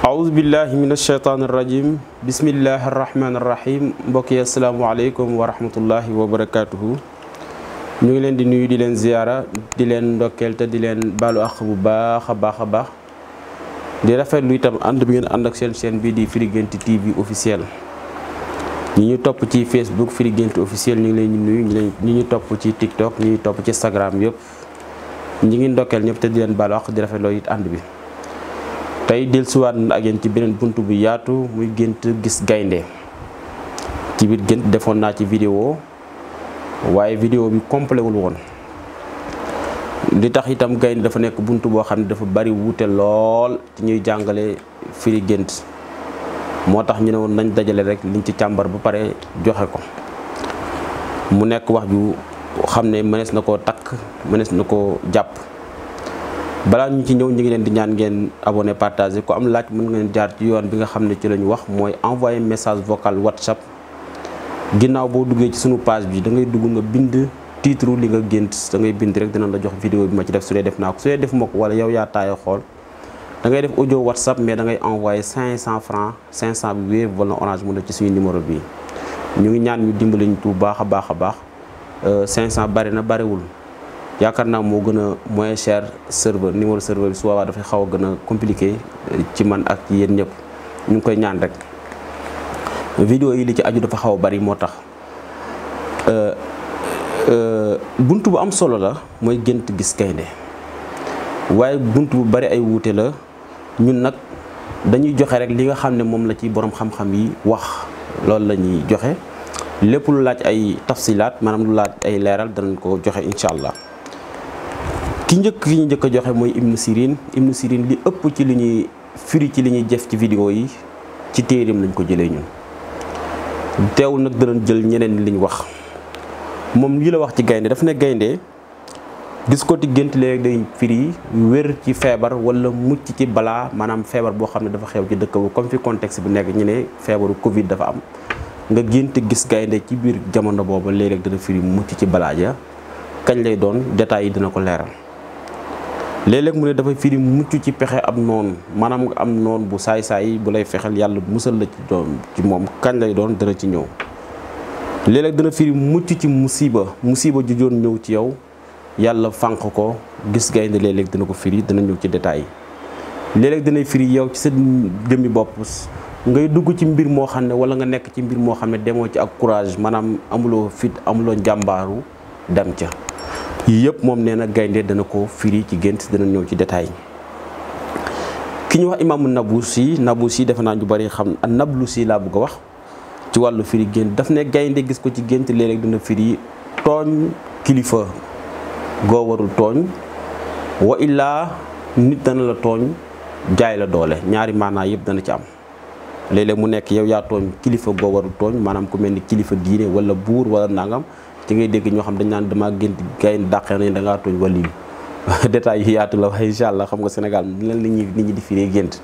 aouzu billahi min alcheytaan irrajim bismillahi arrahmani irrahim mbokk yi asalaamualeykum wa rahmatullahi wa barakatuhu ñu ngi leen di nuyu di leen ziyaara di leen ndokkeel di leen baalu àq bu baax a baax a baax di rafetlu itam ànd bi ngeen ànd ak seen chaîne bii di Firi Guent TV officiel ñu topp ci Facebook Firi Guent officiel ñu ngi leen di nuyu ñi ñu topp ci TikTok ñi ñu topp ci Instagram yëpp ñi ngi ndokkeel ñëpp te di leen baal wax di rafetloo it ànd bi tey dellusiwaat na ak yéen ci beneen bunt bu yaatu muy gént gis gaynde ci biir gént defoon naa ci vidéo waaye vidéo bi complet woon li tax itam gaynde dafa nekk bunt boo xam ne dafa bari wuute lool ci ñuy jàngale firi gént moo tax ñu ne woon nañ dajale rek liñ ci càmbar ba pare joxe ko mu nekk wax ju xam ne mënees na koo takk mënees na koo jàpp balaa ñu ci ñëw ñu ngi leen di ñaan ngeen abonné partagé ku am laaj mën ngeen jaar ci yoon bi nga xam ne ci la ñu wax mooy envoyé message vocal whatsapp ginnaaw boo duggee ci suñu page bi da ngay dugg nga bind titre li nga gént da ngay bind rek dina la jox vidéo bi ma ci def su dee def naa ko su dee def ma ko wala yow yaa taaya xool da ngay def audio whatsapp mais da ngay envoyé 500 francs 500 bi wéeb wala orange mu la ci suñu numéro bi ñu ngi ñaan ñu dimbali bu baax a baax a baax 500 euh, bari na bariwul yaakaar naa moo gën a moyen chair serveur numéro serveur bi su boobaa dafay xaw a gën a compliqué euh, ci man ak yéen ñëpp ñu ngi koy ñaan rek. vidéo yi li ci aju dafa xaw a bari moo tax euh, bunt bu am solo la mooy gént gis kaynde waaye bunt bu bari ay wuute la ñun nag dañuy joxe rek li nga xam ne moom la ci borom xam-xam yi wax loolu lañuy joxe. lépp lu laaj ay tafsilaat maanaam lu laaj ay leeral danañ ko joxe incha allah ki njëkk ki njëkk a joxe mooy Ibnu Sirin Ibnu Sirin li ëpp ci li ñuy firi ci li ñuy jëf ci vidéo yi ci téereem lañ ko jëlee ñun teewul nag danañ jël ñeneen liñ wax moom lii la wax ci gaynde daf ne gaynde gis ko ti gént léegi day firi wér ci feebar wala mucc ci balaa maanaam feebar boo xam ne dafa xew ci dëkk bu comme fi contexte bi nekk ñu ne feebaru Covid dafa am nga gént gis gaynde ci biir jamono booba léegi rek dana firi mucc ci balaaja kañ lay doon détails yi dina ko leeral léeg mu ne dafa firi mucc ci pexe ab noonu maanaam nga am noon bu saay-saay bu lay fexeel yàlla musal la ci doon ci moom kañ lay doon dana ci ñëw léeg dina dana firi mucc ci musiba musiba ju ñëw ci yow yàlla fànq ko gis gaynde léeg dina ko firi dina ñëw ci détails yi léeg-léeg danay firi yow ci sa jëmmi bopp ngay dugg ci mbir moo xam ne wala nga nekk ci mbir moo xam ne demoo ci ak courage maanaam amuloo fit amuloo njàmbaaru dem ca yii yëpp moom nee na gaynde dana ko firi ci gént dana ñëw ci détail ki ñu wax imaamu Nabusi si defe naa ñu bari xam si laa bëgg a wax ci wàllu firi gént daf ne gaynde gis ko ci gént léeg-léeg dana firi tooñ kilifa goo warul tooñ wa illaa nit dana la tooñ jaay la doole ñaari maanaa yëpp dana ci am léeg mu nekk yow yaa tooñ kilifa goo warul tooñ maanaam ku mel ni kilifa diine wala buur wala nangam ci ngay dégg ñoo xam dañ naan damaa gént gayin dàqee nañ da ngaa tooñ wala lii détails yu yaatu la waaye incha allah xam nga Sénégal lan la ñuy nit ñi di firee gént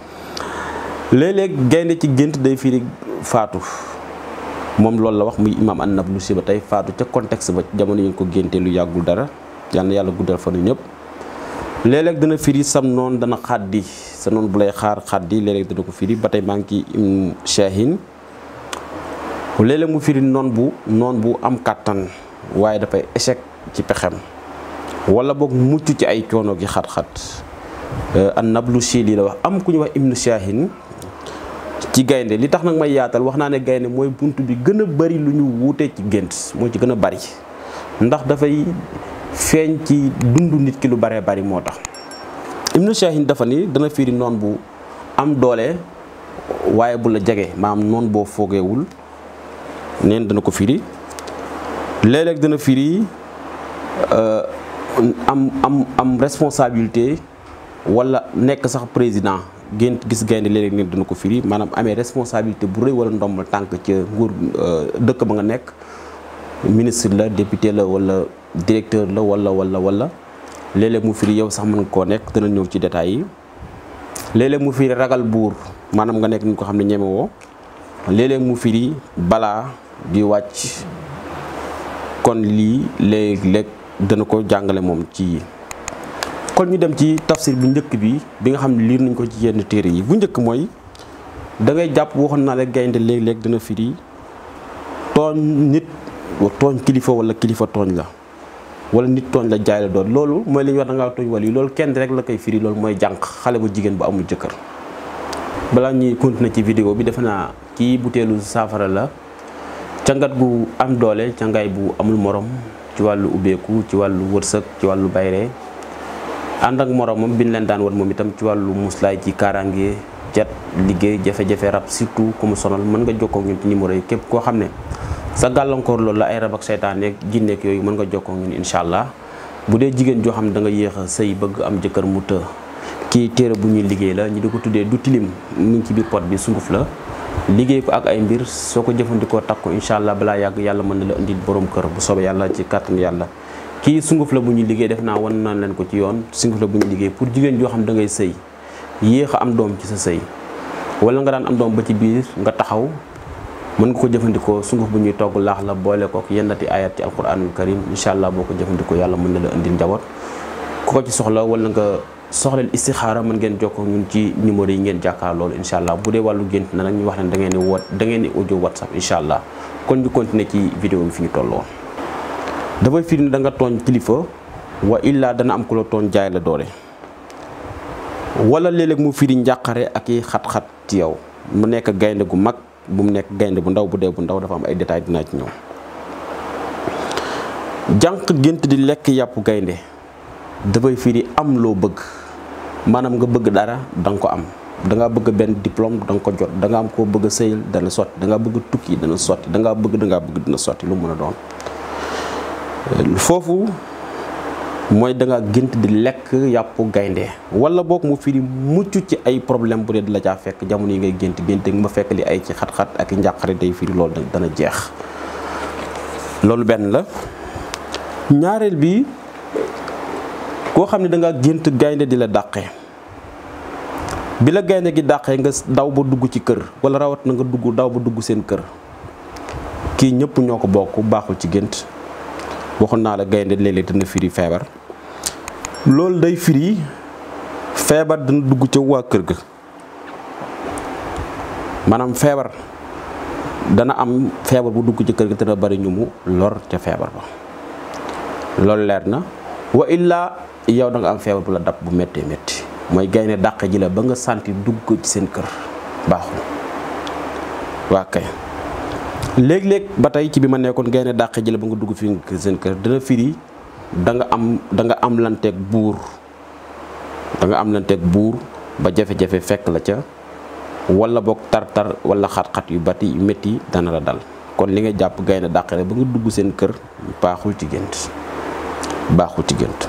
léeg gaynde ci gént day firi faatu moom loolu la wax muy imaam An-Nablusi ba tey faatu ca contexte ba jamono yi nga ko géntee lu yàggul dara yal yàlla guddal fanu ñëpp léeg-léeg dana sa noonu bu lay xaar xaddi léeg-léeg dana ko firi ba tey maa ngi ci ibnu shahin mu firi noon bu noon bu am kàttan waaye dafay échec ci pexem wala boog mucc ci ay coono gi xat-xat euh, an nablu si lii la wax am ku ñu wax ibnu shahin ci gaynde li tax nag may yaatal wax naa ne gaynde mooy bunt bi gën a bari lu ñu wuute ci gént moo ci gën a bari ndax dafay feeñ ci dund nit ki lu baree bari moo tax ibnu shahin dafa ni dana firi noon bu am doole waaye bu la jege maam noon boo foogeewul neen dana ko firi léeg-léeg dana firi euh, am am am responsabilité walla nekk sax président gént gis gaynde léeg-léeg neen dana ko firi maanaam amee responsabilité bu rëy wala ndombal tànk ca nguur euh, dëkk ba nga nekk ministre la député la wala directeur la wala wala wala léeg-léeg mu firi yow sax mën nga koo nekk dana ñëw ci détails yi léeg mu firi ragal buur maanaam nga nekk nit ko xam ne ñeme woo léeg-léeg mu firi balaa di wàcc kon lii léeg-léeg dana ko jàngale moom ci yi kon ñu dem ci tafsir bu njëkk bi bi nga xam ne liir nañ ko ci yenn téere yi bu njëkk mooy dangay jàpp waxoon naa la gaynde léeg-léeg dana firi tooñ nit tooñ kilifa wala kilifa tooñ la wala nit tooñ la jaay la doon loolu mooy li ñuy wax da ngaa tooñ wala yi loolu kenn rek la koy firi loolu mooy jànq xale bu jigéen bu amul jëkkër balaa ñuy continuer ci vidéo bi defe naa kii butéelu saafara la cangat gu am doole cangaay bu amul moroom ci wàllu ubbeeku ci wàllu wërsëg ci wàllu bayre ànd ak moromam bi ñu leen daan war moom itam ci wàllu muslaay ci kaaraange jet liggéey jafe-jafe rab surtout ku mu sonal mën nga jokkoo ñun ci numéro yi képp koo xam ne sa gàllankoor loolu la ay rab ak seytaan yeeg yooyu mën nga jokkoo ñun incha allah bu dee jigéen joo xam da nga yéex a sëy bëgg am jëkkër mu të kii téere bu ñuy liggéey la ñu di ko tuddee du tilim mu ngi ci biir pot bi sunguf la liggéey ko ak ay mbir soo ko jëfandikoo takk ko incha allah balaa yàgg yàlla mën na la indil borom kër bu soobee yàlla ci kàttan kii sunguf la bu ñuy liggéey def naa wan nan leen ko ci yoon sunguf la bu liggéey pour jigéen joo xam da ngay sëy yéex am doom ci sa sëy wala nga daan am doom ba ci biir nga taxaw mën nga ko jëfandikoo sunguf bu ñuy togg laax la boole kook yennati ayat ci alquranul karim incha allah boo ko jëfandikoo yàlla mën na la indil njaboot ku ko ci soxla wala nga soxleel istixaara mën ngeen jox ko ñun ci numéro yi ngeen jàkkaar loolu incha allah bu dee wàllu gént na nag ñu wax ne da ngeen di woot da ngeen di audio whatsapp incha allah kon ñu continuer ci vidéo bi fi ñu tolloon dafay firi danga da tooñ kilifa wa illaa dana am ku la tooñ jaay la doole wala léeg-léeg mu firi njàqare ak i xat-xat ci yow mu nekk gaynde gu mag bu mu nekk gaynde bu ndaw bu dee bu ndaw dafa am ay détails dinaa ci ñëw jànq gént di lekk yàpp gaynde dafay firi am loo bëgg maanaam nga bëgg dara danga ko am dangaa bëgg benn diplôme danga ko jot danga am koo bëgg a sëyal dana sotti dangaa bëgg tukki dana sotti dangaa bëgg dangaa bëgg dina sotti lu mën a doon foofu mooy da gént di lekk yàpp gaynde wala boog mu firi mucc ci ay problème bu dee di la caa fekk jamono yi ngay gént gént ma fekk li ay ci xat-xat ak njàqare day firi loolu dana jeex loolu benn la ñaareel bi koo xam ne dangaa gént gaynde di la dàqe bi la gaynde gi dàqee nga daw ba dugg ci kër wala rawat na nga dugg daw ba dugg seen kër kii ñëpp ñoo ko bokk baaxul ci gént waxoon naa la gaynde léeg-léeg dina firi feebar loolu day firi feebar dina dugg ca waa kër ga maanaam feebar dana am feebar bu dugg ci kër ga te dana bari ñu mu lor ca feebar ba loolu leer na wa illaa yow da am feebar bu la dab bu mettee metti mooy gaynde dàq ji la ba nga santi dugg ci seen kër baaxul waa kay léeg-léeg ba tey ci bi ma nekkoon gaynde dàq ji la ba nga dugg fi seen kër dina firi da nga am danga am lanteeg buur da am lanteeg buur ba jafe-jafe fekk la ca wala boog tar-tar wala xat-xat yu bati yu métti dana la dal kon li nga jàpp gaynde dàq la ba nga dugg seen kër baaxul ci gént baaxul ci gént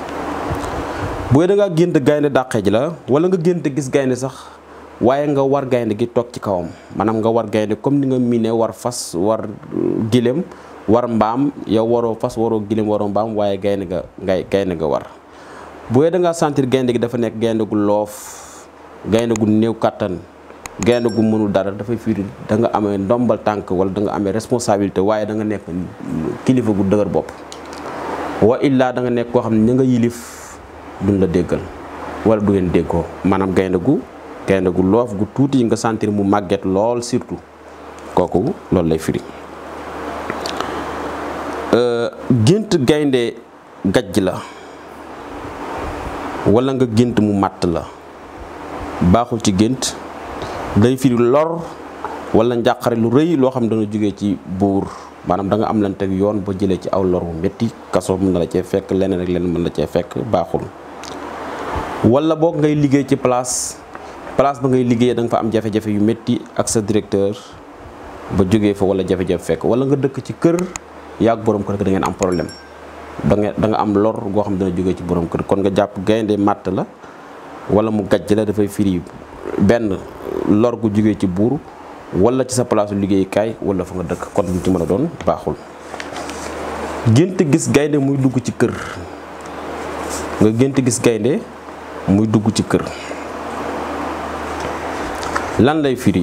bu da ngaa gént gaynde dàqe ji la wala nga gént gis gaynde sax waaye nga war gaynde gi toog ci kawam maanaam nga war gaynde comme ni nga miine war fas war giléem war mbaam yow waroo fas waroo giléem waroo mbaam waaye gaynde ga ngay gaynde nga war bu dee da sentir gaynde gi dafa nekk gaynde gu loof gaynde gu néew kàttan gaynde gu mënul dara dafay fiiri da nga amee ndombal tànk wala da nga amee responsabilité waaye da nga nekk kilifa gu dëgër bopp wa illaa da nekk koo xam ne ña nga yilif duñ la déggal wala du ngeen déggoo maanaam gaynde gu gaynde gu loof gu tuuti nga sentir mu màgget lool surtout kooku loolu lay firi euh, gént gaynde gajj la wala nga gént mu matt la baaxul ci gént day firi lor wala njàqare lu rëy loo xam dana jóge ci buur maanaam danga nga am lante yoon ba jëlee ci aw lor wu métti kaso mën na la cee fekk leneen ak leneen mën na cee fekk baaxul wala boog ngay liggéey ci place place ba ngay liggéeyee da nga fa am jafe-jafe yu métti ak sa directeur ba jógee fa wala jafe-jafe fekk wala nga dëkk ci kër yaag borom kër da ngeen am problème da da nga am lor goo xam dana jógee ci borom kër kon nga jàpp gaynde màtt la wala mu gàjj la dafay firi benn lor gu jógee ci buur wala ci sa place liggéeyukaay wala fa nga dëkk kon lu ci mën a doon baaxul gént gis gaynde muy dugg ci kër nga gént gis gaynde muy dugg ci kër lan lay firi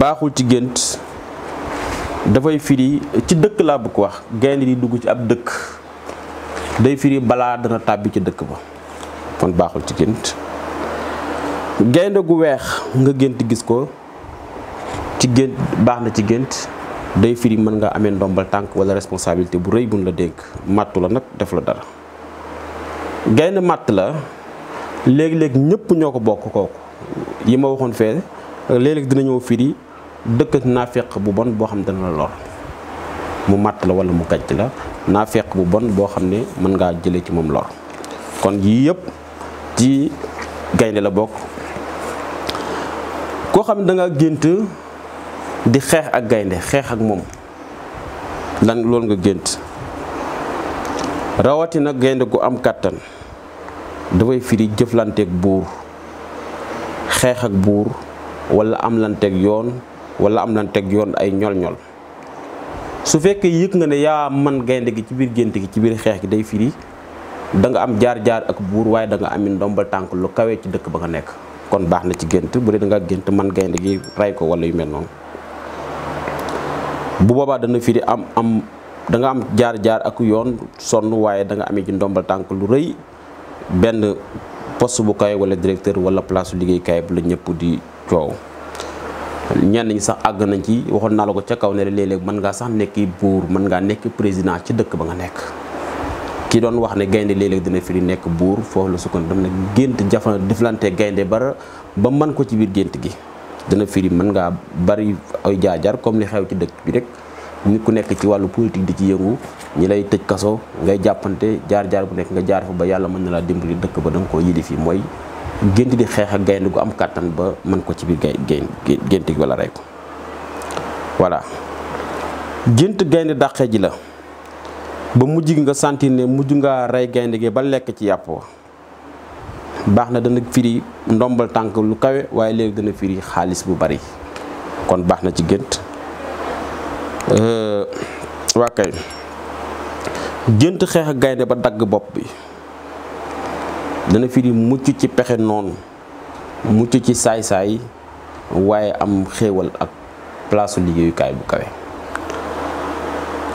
baaxul ci gént dafay firi ci dëkk laa bëgg wax gaynde di dugg ci ab dëkk day firi balaa dana tàbbi ci dëkk ba kon baaxul ci gént gaynde gu weex nga gént gis ko ci gént baax na ci gént day firi mën nga amee ndombal tànk wala responsabilité bu rëy buñ la dénk màttu la nag def la dara gaynde màtt la léegi-léegi ñëpp ñoo ko bokk kooku yi ma waxoon fee léeg-léeg dina ñëw firi dëkk naafeq bu bon boo xam ne dana la mu màtt la wala mu gàcc la naafeq bu bon boo xam ne mën ngaa jëlee ci moom lor kon yii yëpp ci gaynde la bokk koo xam ne da gént di xeex ak gaynde xeex ak moom lan loolu nga gént rawatina gaynde gu am kàttan dafay firi jëflanteeg buur xeex ak buur wala am lanteeg yoon wala am lanteeg yoon ay ñol-ñol su fekkee yëg nga ne yaa man gaynde gi ci biir gént gi ci biir xeex gi day firi da nga am jaar-jaar ak buur waaye da nga am ndombal tànk lu kawee ci dëkk ba nga nekk kon baax na ci gént bu dee da nga gént man gaynde gi rey ko wala yu mel noonu bu boobaa dana firi am am da am jaar-jaar ak yoon sonn waaye danga nga amee ci ndombal tànk lu rëy benn poste bu kaay wala directeur wala place liggéeykaay bu la ñëpp di coow. ñenn ñi sax àgg nañ ci waxoon naa la ko ca kaw ne léeg-léeg mën ngaa sax nekki buur mën ngaa nekk président ci dëkk ba nga nekk. ki doon wax ne gaynde léeg dana dina fi di nekk buur foofu la sukkandiku dem na gént jafa deflante gaynde bara ba mën ko ci biir gént gi dana firi mën ngaa bari ay jaajar comme li xew ci dëkk bi rek. nit ku nekk ci wàllu politique di ci yëngu ñi lay tëj kaso ngay jàppante jaar-jaar bu nekk nga jaar fa ba yàlla mën na laa dimbali dëkk ba da nga ko yidi fi mooy gént di xeex ak gaynde gu am kàttan ba mën ko ci biir gay gént gi wala rey voilà gént gaynde dàqe ji la ba mujj gi nga sentir ne mujj ngaa rey gaynde gi ba lekk ci yàpp wa baax na dana firi ndombal tànk lu kawe waaye léegi dana firi xaalis bu bari kon baax na ci gént Euh, waa kay gént xeex gaynde ba dagg bopp bi dana firi mucc ci pexe noonu mucc ci saay-saay waaye am xéewal ak palaasu liggéeyukaay bu kawe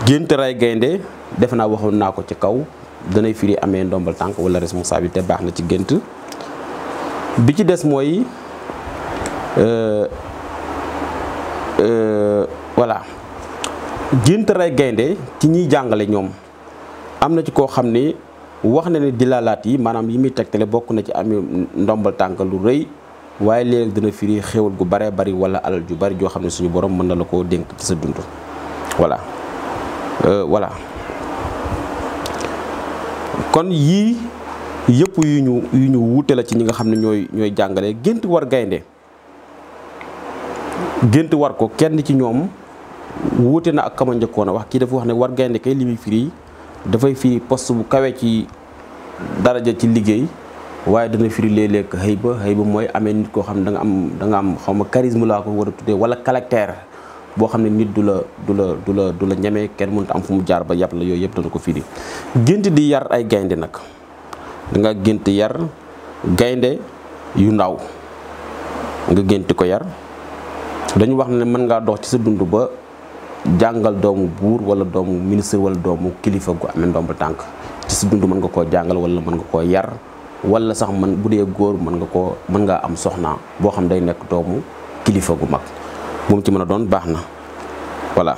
gént ray gaynde def naa waxoon naa ko ci kaw danay firi amee ndombal tànk wala responsabilité baax na ci gént bi ci des mooy euh, euh, voilà gént rey gaynde ci ñiy jàngale ñoom am na ci koo xam ne wax na ne dilaalaat yi maanaam yi muy tegtale bokk na ci am ndombal tànk lu rëy waaye léeg dina firi xéwal gu bare bari wala alal ju bari joo xam ne suñu borom mën na la koo dénk ci sa dund voilà euh, voilà kon yii yépp yu ñu yu ñu wuute la ci ñi nga xam ne ñooy ñooy jàngale gént war gaynde gént war ko kenn ci ñoom wuute na ak kama njëkkoon a wax kii dafa wax ne war gaynde kay li muy dafay firi post bu kawee ci daraja ci liggéey waaye dana firi léeg-léeg xëy ba xëy ba mooy amee nit koo xam ne danga am da nga am xaw ma charisme laa ko war a tuddee wala caractère boo xam ne nit du la du la du la du la ñeme kenn mënut am fu mu jaar ba yàpp la yooyu yëpp dana ko firi. gént di yar ay gaynde nag da gént yar gaynde yu ndaw nga gént ko yar dañu wax ne mën ngaa dox ci sa dund ba. jàngal doomu buur wala doomu ministre wala doomu kilifa gu amee ndomb tànk ci si dund mën nga koo jàngal wala mën nga koo yar walla sax man bu dee góor mën nga koo mën ngaa am soxna boo xam day nekk doomu kilifa gu mag moom ci mën a doon baax na voilà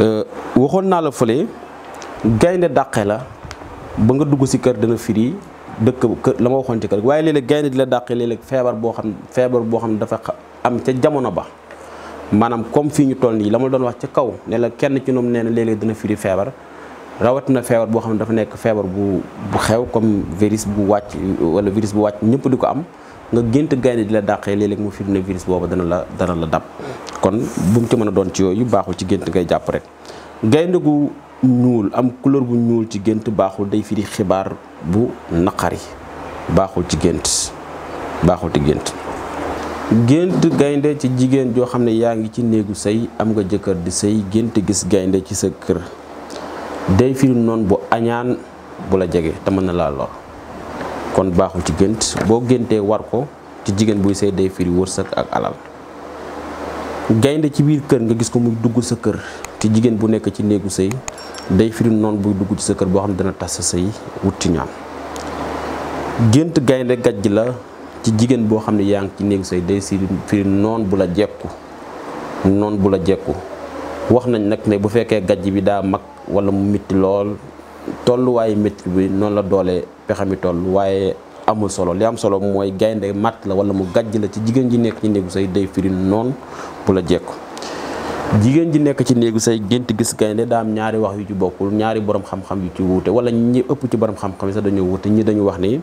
euh, waxoon naa la fële gaynde dàqe la ba nga dugg si kër dana firi dëkk kër la ma waxoon ci kër waaye léeg gaynde di la dàqe léeg feebar boo xam feebar boo xam dafa am ca jamono ba maanaam comme fii ñu toll nii la ma doon wax ci kaw ne la kenn ci ñoom nee na léeg dina firi feebar rawatina feebar boo xam ne dafa nekk feebar bu bu xew comme virus bu wàcc wala virus bu wàcc ñëpp di ko am nga gént gaynde di la dàqee léeg-léeg mu firi na virus boobu dana la dana la dab kon bu mu ci mën a doon ci yooyu baaxul ci gént ngay jàpp rek gaynde gu ñuul am couleur bu ñuul ci gént baaxul day firi xibaar bu naqari baaxul ci gént baaxul ci gént gént gaynde ci jigéen joo xam ne yaa ngi ci néegu sëy am nga jëkkër di sëy gént gis gaynde ci sa kër day firi noon bu añaan bu la jege te mën na laa lor kon baaxul ci gént boo géntee war ko ci jigéen buy sëy day firi wërsëg ak alal gaynde ci biir kër nga gis ko muy dugg sa kër te jigéen bu nekk ci néegu sëy day firi noon buy dugg ci sa kër boo xam ne dana tas sa sëy wutti ñaam gént gaynde gajj la ci jigéen boo xam ne yaa ngi ci néeg say day si firi noon bu la jekku noon bu la jekku wax nañ nag ne bu fekkee gajj bi daa mag wala mu métti lool tolluwaayu métti bi noonu la doole pexe mi toll waaye amul solo li am solo mooy gaynde matt la wala mu gàjj la ci jigéen ji nekk ci néegu say day firi noon bu la jekku jigéen ji nekk ci néegu say gént gis gaynde daa am ñaari wax yu ci bokkul ñaari borom xam-xam yu ci wuute wala ñi ëpp ci borom xam-xam yi sax ñi dañu wax ni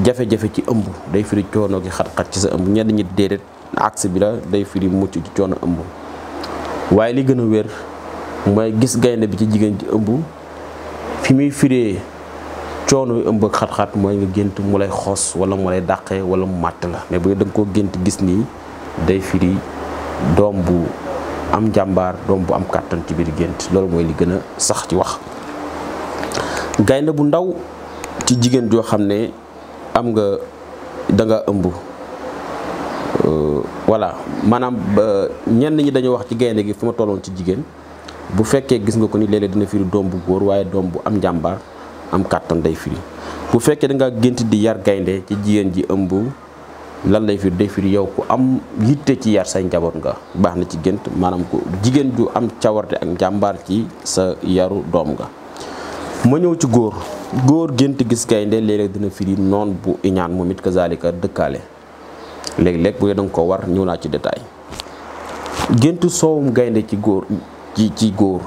jafe-jafe ci ëmb day firi coono gi xat-xat ci sa ëmb ñenn ñi déedéet axe bi la day firi mucc ci coono ëmb waaye li gën a wér mooy gis gaynde bi ci jigéen ci ëmb fi muy firee coono ëmb ak xat-xat mooy nga gént mu lay xos wala mu lay dàqee wala mu màtt la mais bu dee da koo gént gis nii day firi doom bu am njàmbaar doom bu am kàttan ci biir gént loolu mooy li gën a sax ci wax gaynde bu ndaw ci jigéen joo xam ne am nga danga nga ëmb euh, voilà maanaam ñenn ñi dañoo wax ci gaynde gi fi ma tolloon ci jigéen bu fekkee gis nga ko ni léeg dina firi doom bu góor waaye doom bu am njàmbaar am kàttan day firi bu fekkee danga gént di yar gaynde ci jigéen ji ëmb lan lay firi day firi yow ku am yitte ci yar say njaboot nga baax na ci gént maanaam ko jigéen ju am cawarte ak njàmbaar ci sa yaru doom nga ma ñëw ci góor góor gént gis gaynde léeg-léeg dina firi noon bu iñaan moom it kazalika dëkkaale léegi léeg bu danga ko war ñëw naa ci détail gént soowum gaynde ci góor ci ci góor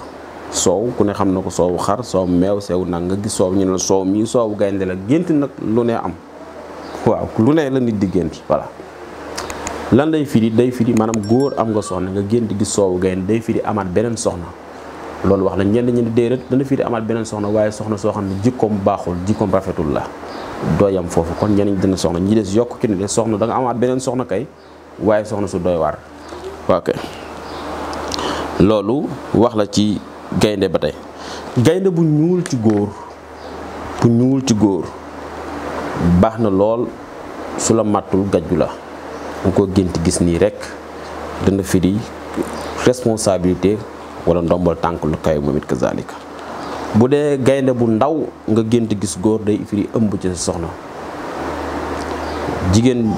soow ku ne xam na ko soow xar soow meew sew nag nga gis soow ñu ne soow mii soow gaynde la gént nag lu ne am waaw lu ne la nit di gént voilà lan lay firi day firi maanaam góor am nga soxna nga gént gis soowu gaynde day firi amaat beneen soxna loolu wax nañ ñenn ñi ne déedéet dana fii di amaat beneen soxna waaye soxna soo xam ne jikkoom baaxul jikkoom rafetul la doyam foofu kon ñenn ñi dana soxna ñi des yokk ci ne de soxna da nga amaat beneen soxna kay waaye soxna su doy waar ok loolu wax la ci gaynde ba tey gaynde bu ñuul ci góor bu ñuul ci góor baax na lool su la màttul gajju la nga ko gént gis nii rekk dana firi responsabilité wala ndombal tànk lu kawe moom it kazalika bu dee gaynde bu ndaw nga gént gis góor day firi ëmb ci sa soxna jigéen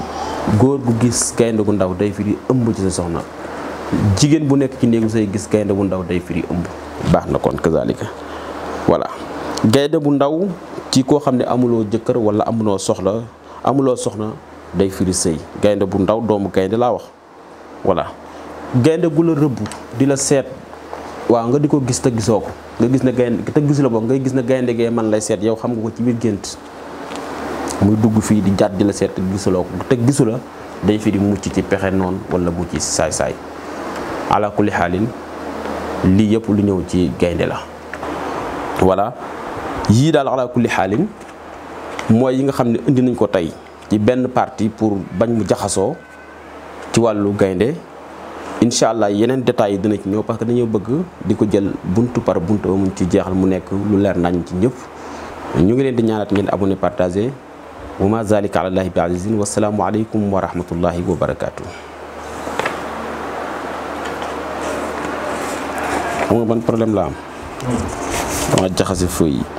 góor gu gis gaynde gu ndaw day firi ëmb soxna jigéen bu nekk ci néegu say gis gaynde bu ndaw day firi ëmb baax na kon kazalika voilà gaynde bu ndaw ci koo xam ne amuloo jëkkër wala amuloo soxla amuloo soxna day firi sëy gaynde bu ndaw doomu gaynde laa wax voilà gaynde gu la rëbb di la seet waaw nga di ko gis te gisoo ko nga gis ne gaynde te gisu la boog ngay gis ne gaynde gee man lay seet yow xam nga ko ci biir gént muy dugg fii di jàdd di la seet te gisuloo ko te gisu day fi di mucc ci pexe noonu walla mucc ci saay-saay ala xaalin lii yëpp lu ñëw ci gaynde la walla yii daal ala kulli xaalin mooy yi nga xam ne indi nañ ko tey ci benn partie pour bañ mu jaxasoo ci wàllu gaynde incha allah yeneen détails yi dina ci ñëw parce que dañoo bëgg di ko jël bunt par buntu mu ci jeexal mu nekk lu leer nañ ci ñëpp ñu ngi leen di ñaanat ngeen abonné partagé wa ma zalika ala llahi bi azizin wasalaamu aleykum wa rahmatullahi wa barakaatu. xam nga ban problème la am. Hmm. dama jaxase feuille